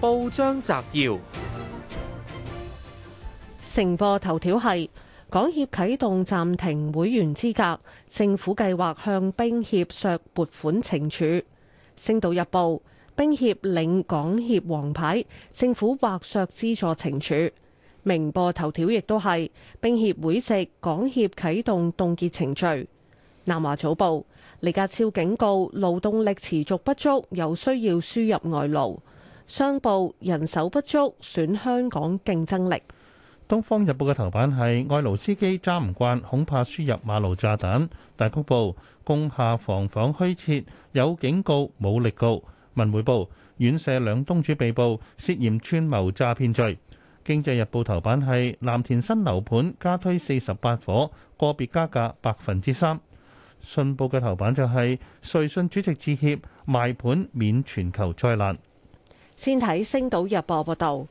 報章摘要：成報頭條係港協啟動暫停會員資格，政府計劃向冰協削撥款懲處。星島日報：冰協領港協黃牌，政府或削資助懲處。明報頭條亦都係冰協會籍港協啟動凍結程序。南華早報：李家超警告勞動力持續不足，有需要輸入外勞。商報人手不足，損香港競爭力。《東方日報》嘅頭版係外勞司機揸唔慣，恐怕輸入馬路炸彈。《大公報》攻下防房虛設有警告，冇力告。《文匯報》院舍兩東主被捕，涉嫌串謀詐騙罪。《經濟日報》頭版係藍田新樓盤加推四十八伙，個別加價百分之三。《信報》嘅頭版就係瑞信主席致歉，賣盤免全球災難。先睇《星島日報》報導，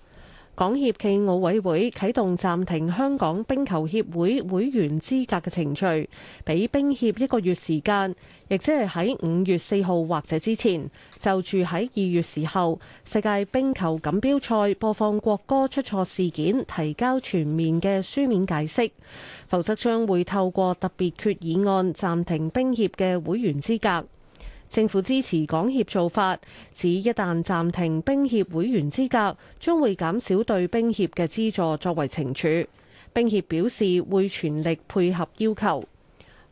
港協暨奧委會啟動暫停香港冰球協會會員資格嘅程序，俾冰協一個月時間，亦即係喺五月四號或者之前，就住喺二月時候世界冰球錦標賽播放國歌出錯事件提交全面嘅書面解釋，否則將會透過特別決議案暫停冰協嘅會員資格。政府支持港協做法，指一旦暫停冰協會員資格，將會減少對冰協嘅資助作為懲處。冰協表示會全力配合要求。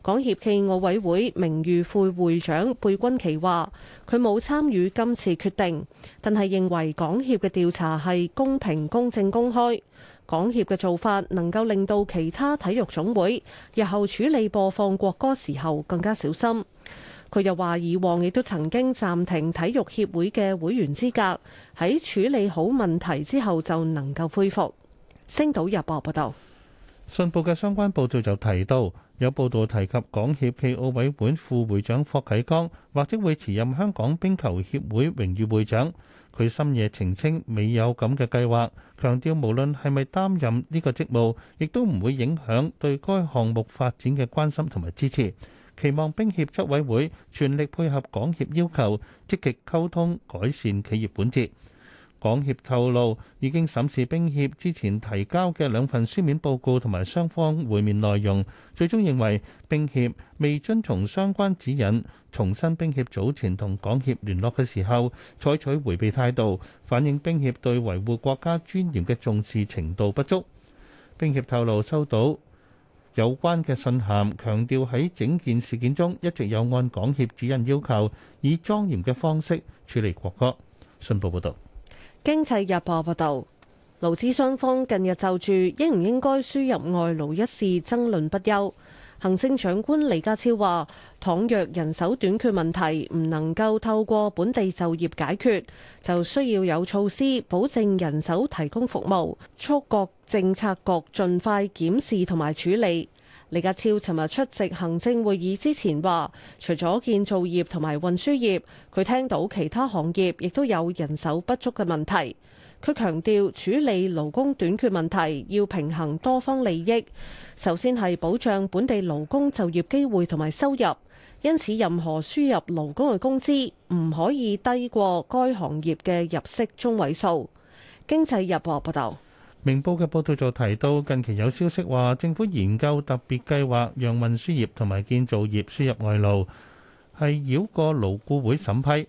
港協暨奧委會名譽副會長貝君琪話，佢冇參與今次決定，但係認為港協嘅調查係公平、公正、公開。港協嘅做法能夠令到其他體育總會日後處理播放國歌時候更加小心。佢又話：以往亦都曾經暫停體育協會嘅會員資格，喺處理好問題之後，就能夠恢復。星島日報報導，信報嘅相關報導就提到，有報導提及港協暨奧委會副會長霍啟剛或者會辭任香港冰球協會榮譽會長。佢深夜澄清，未有咁嘅計劃，強調無論係咪擔任呢個職務，亦都唔會影響對該項目發展嘅關心同埋支持。期望冰協執委會全力配合港協要求，積極溝通改善企業本質。港協透露已經審視冰協之前提交嘅兩份書面報告同埋雙方會面內容，最終認為冰協未遵從相關指引，重申冰協早前同港協聯絡嘅時候採取迴避態度，反映冰協對維護國家尊嚴嘅重視程度不足。冰協透露收到。有關嘅信函強調喺整件事件中一直有按港協指引要求，以莊嚴嘅方式處理國歌。信報報導，經濟日報報道：「勞資雙方近日就住應唔應該輸入外勞一事爭論不休。行政長官李家超話：倘若人手短缺問題唔能夠透過本地就業解決，就需要有措施保證人手提供服務，促國。政策局盡快檢視同埋處理。李家超尋日出席行政會議之前話，除咗建造業同埋運輸業，佢聽到其他行業亦都有人手不足嘅問題。佢強調處理勞工短缺問題要平衡多方利益，首先係保障本地勞工就業機會同埋收入。因此，任何輸入勞工嘅工資唔可以低過該行業嘅入息中位數。經濟日報報道。明報嘅報道就提到，近期有消息話，政府研究特別計劃，讓運輸業同埋建造業輸入外勞，係繞過勞顧會審批。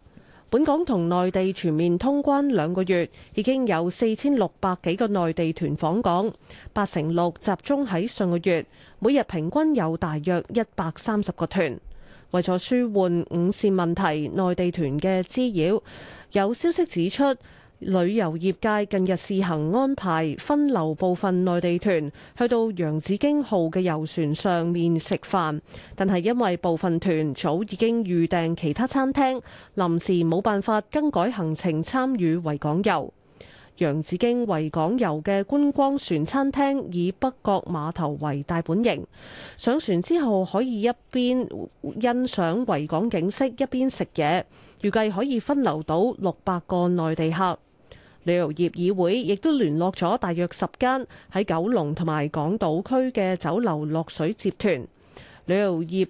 本港同內地全面通關兩個月，已經有四千六百幾個內地團訪港，八成六集中喺上個月，每日平均有大約一百三十個團。為咗舒緩五線問題，內地團嘅滋擾，有消息指出。旅遊業界近日試行安排分流部分內地團去到洋紫荊號嘅遊船上面食飯，但係因為部分團早已經預訂其他餐廳，臨時冇辦法更改行程，參與維港遊。洋紫荊維港遊嘅觀光船餐廳以北角碼頭為大本營，上船之後可以一邊欣賞維港景色，一邊食嘢，預計可以分流到六百個內地客。旅遊業議會亦都聯絡咗大約十間喺九龍同埋港島區嘅酒樓落水接團。旅遊業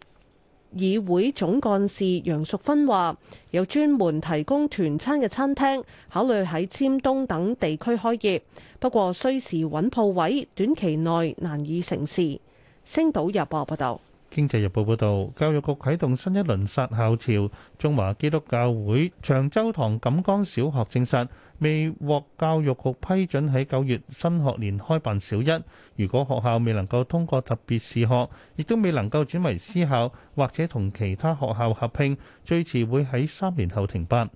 議會總幹事楊淑芬話：有專門提供團餐嘅餐廳，考慮喺尖東等地區開業，不過需時揾鋪位，短期內難以成事。星島日報報道。經濟日報報導，教育局啟動新一輪殺校潮，中華基督教會長洲堂錦江小學證實未獲教育局批准喺九月新學年開辦小一。如果學校未能夠通過特別試學，亦都未能夠轉為私校或者同其他學校合併，最遲會喺三年後停辦。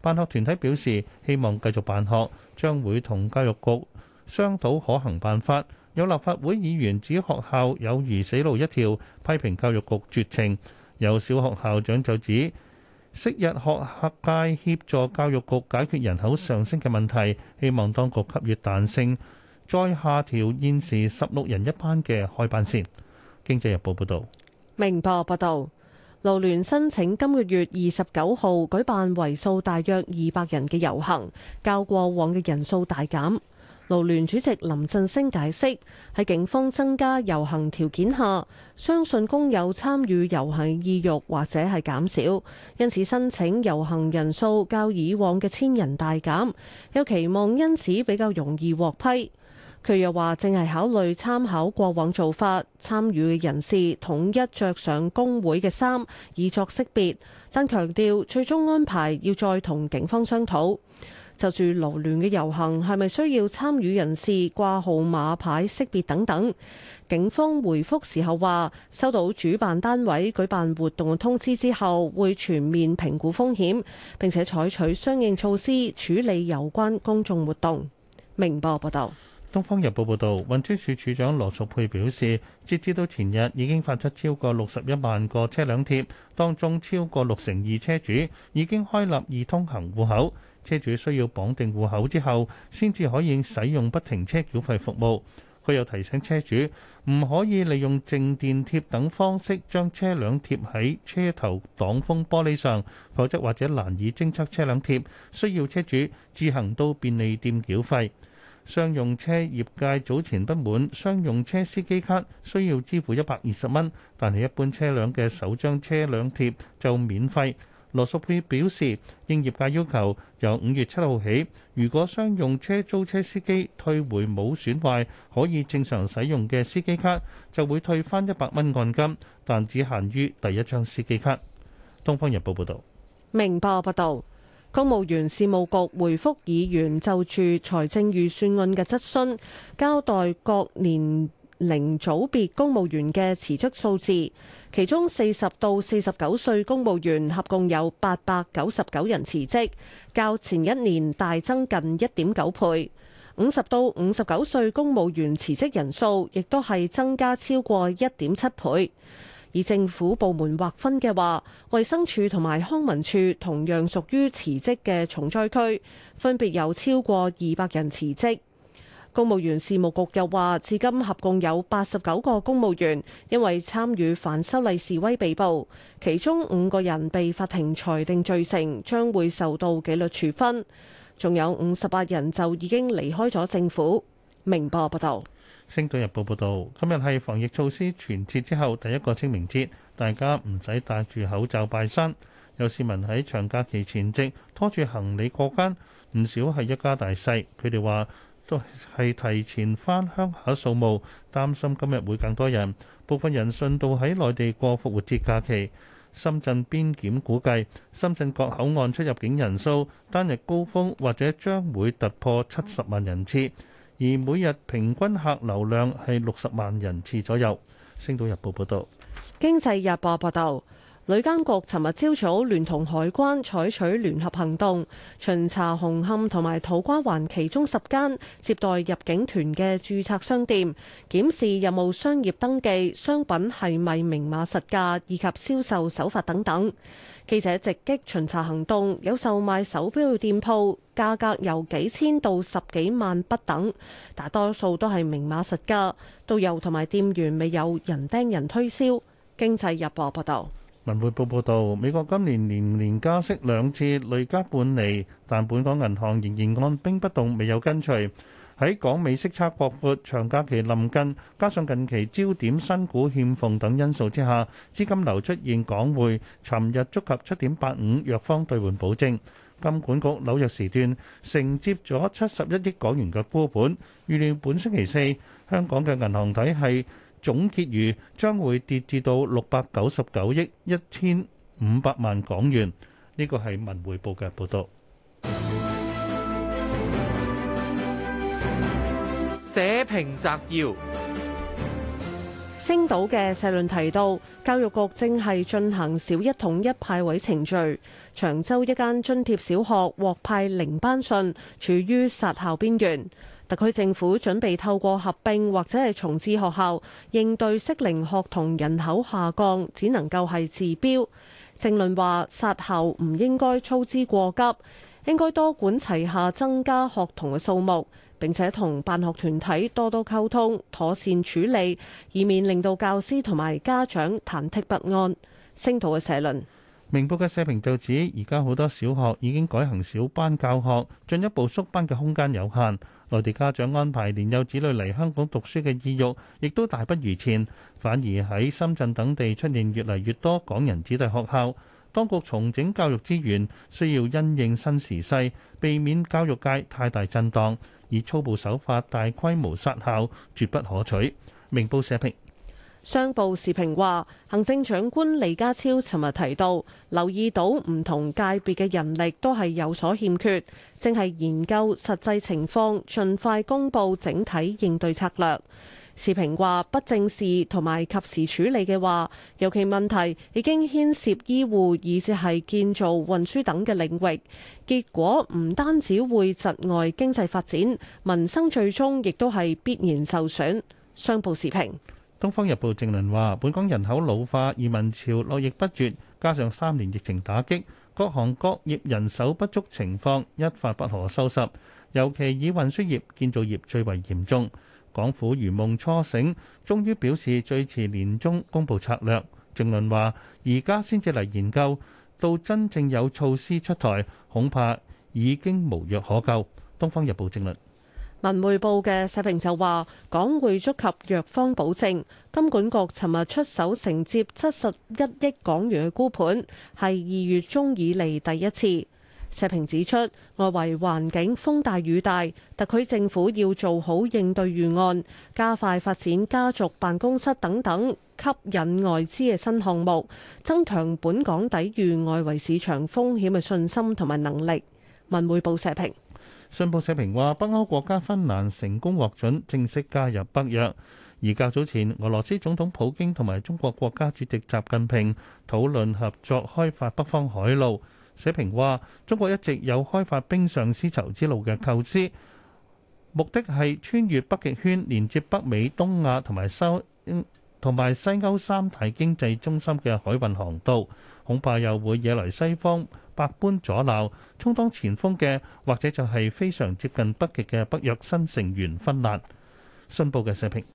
辦學團體表示希望繼續辦學，將會同教育局商討可行辦法，有立法會議員指學校有如死路一條，批評教育局絕情。有小學校長就指昔日學界協助教育局解決人口上升嘅問題，希望當局給予彈性，再下調現時十六人一班嘅開班線。《經濟日報》報，報，報道。明報報道，勞聯申請今個月二十九號舉辦，為數大約二百人嘅遊行，較過往嘅人數大減。勞聯主席林振昇解釋，喺警方增加遊行條件下，相信工友參與遊行意欲或者係減少，因此申請遊行人數較以往嘅千人大減，又期望因此比較容易獲批。佢又話，正係考慮參考過往做法，參與嘅人士統一着上工會嘅衫以作識別，但強調最終安排要再同警方商討。就住勞聯嘅遊行係咪需要參與人士掛號碼牌識別等等？警方回覆時候話，收到主辦單位舉辦活動嘅通知之後，會全面評估風險，並且採取相應措施處理有關公眾活動。明報報道，《東方日報》報道，運輸署署長羅淑佩表示，截至到前日已經發出超過六十一萬個車輛貼，當中超過六成二車主已經開立易通行戶口。車主需要綁定戶口之後，先至可以使用不停車繳費服務。佢又提醒車主唔可以利用靜電貼等方式將車輛貼喺車頭擋風玻璃上，否則或者難以偵測車輛貼。需要車主自行到便利店繳費。商用車業界早前不滿商用車司機卡需要支付一百二十蚊，但係一般車輛嘅首張車輛貼就免費。羅淑佩表示，應業界要求，由五月七號起，如果商用車租車司機退回冇損壞可以正常使用嘅司機卡，就會退翻一百蚊按金，但只限於第一張司機卡。東方日報報道，明報報道，公務員事務局回覆議員就住財政預算案嘅質詢，交代各年零組別公務員嘅辭職數字，其中四十到四十九歲公務員合共有八百九十九人辭職，較前一年大增近一點九倍。五十到五十九歲公務員辭職人數亦都係增加超過一點七倍。而政府部門劃分嘅話，衛生署同埋康文署同樣屬於辭職嘅重災區，分別有超過二百人辭職。公務員事務局又話，至今合共有八十九個公務員因為參與反修例示威被捕，其中五個人被法庭裁定罪成，將會受到紀律處分。仲有五十八人就已經離開咗政府。明報報道。《星島日報》報道，今日係防疫措施全撤之後第一個清明節，大家唔使戴住口罩拜山。有市民喺長假期前夕拖住行李過關，唔少係一家大細。佢哋話，都係提前翻鄉下掃墓，擔心今日會更多人。部分人順道喺內地過復活節假期。深圳邊檢估計，深圳各口岸出入境人數單日高峰或者將會突破七十萬人次，而每日平均客流量係六十萬人次左右。星島日報報導。經濟日報報導。旅監局尋日朝早聯同海關採取聯合行動，巡查紅磡同埋土瓜灣其中十間接待入境團嘅註冊商店，檢視有冇商業登記、商品係咪明碼實價以及銷售手法等等。記者直擊巡查行動，有售賣手錶嘅店鋪，價格由幾千到十幾萬不等，大多數都係明碼實價，導遊同埋店員未有人盯人推銷。經濟日報報道。文匯報報道，美國今年年年加息兩次，累加半釐，但本港銀行仍然按兵不動，未有跟隨。喺港美息差擴闊、長假期臨近，加上近期焦點新股欠奉等因素之下，資金流出現港匯，尋日觸及七點八五弱方兌換保證。金管局紐約時段承接咗七十一億港元嘅沽盤，預料本星期四香港嘅銀行體系。總結餘將會跌至到六百九十九億一千五百萬港元。呢個係文匯報嘅報道。社評摘要，星島嘅社論提到，教育局正係進行小一統一派位程序，長洲一間津貼小學獲派零班信，處於殺校邊緣。特區政府準備透過合併或者係重置學校，應對適齡學童人口下降，只能夠係治標。政論話殺校唔應該操之過急，應該多管齊下，增加學童嘅數目，並且同辦學團體多多溝通，妥善處理，以免令到教師同埋家長忐忑不安。星島嘅社論。《明報》嘅社評就指，而家好多小學已經改行小班教學，進一步縮班嘅空間有限。內地家長安排年幼子女嚟香港讀書嘅意欲，亦都大不如前。反而喺深圳等地出現越嚟越多港人子弟學校。當局重整教育資源，需要因應新時勢，避免教育界太大震盪，以粗暴手法大規模殺校，絕不可取。明報社評。商報時評話，行政長官李家超尋日提到，留意到唔同界別嘅人力都係有所欠缺，正係研究實際情況，盡快公佈整體應對策略。時評話，不正視同埋及時處理嘅話，尤其問題已經牽涉醫護，以至係建造、運輸等嘅領域，結果唔單止會窒礙經濟發展，民生最終亦都係必然受損。商報時評。《東方日報》正論話：本港人口老化、移民潮絡繹不絕，加上三年疫情打擊，各行各業人手不足情況一發不可收拾。尤其以運輸業、建造業最為嚴重。港府如夢初醒，終於表示最遲年中公布策略。正論話：而家先至嚟研究，到真正有措施出台，恐怕已經無藥可救。《東方日報》正論。文匯報嘅社評就話：港匯觸及弱方保證，金管局尋日出手承接七十一億港元嘅沽盤，係二月中以嚟第一次。社評指出，外圍環境風大雨大，特區政府要做好應對預案，加快發展家族辦公室等等吸引外資嘅新項目，增強本港抵禦外圍市場風險嘅信心同埋能力。文匯報社評。信報社評話，北歐國家芬蘭成功獲准正式加入北約。而較早前，俄羅斯總統普京同埋中國國家主席習近平討論合作開發北方海路。社評話，中國一直有開發冰上絲綢之路嘅構思，目的係穿越北極圈，連接北美、東亞同埋西歐三大經濟中心嘅海運航道。恐怕又會惹來西方百般阻撓，充當前鋒嘅或者就係非常接近北極嘅北約新成員芬蘭。信報嘅社評。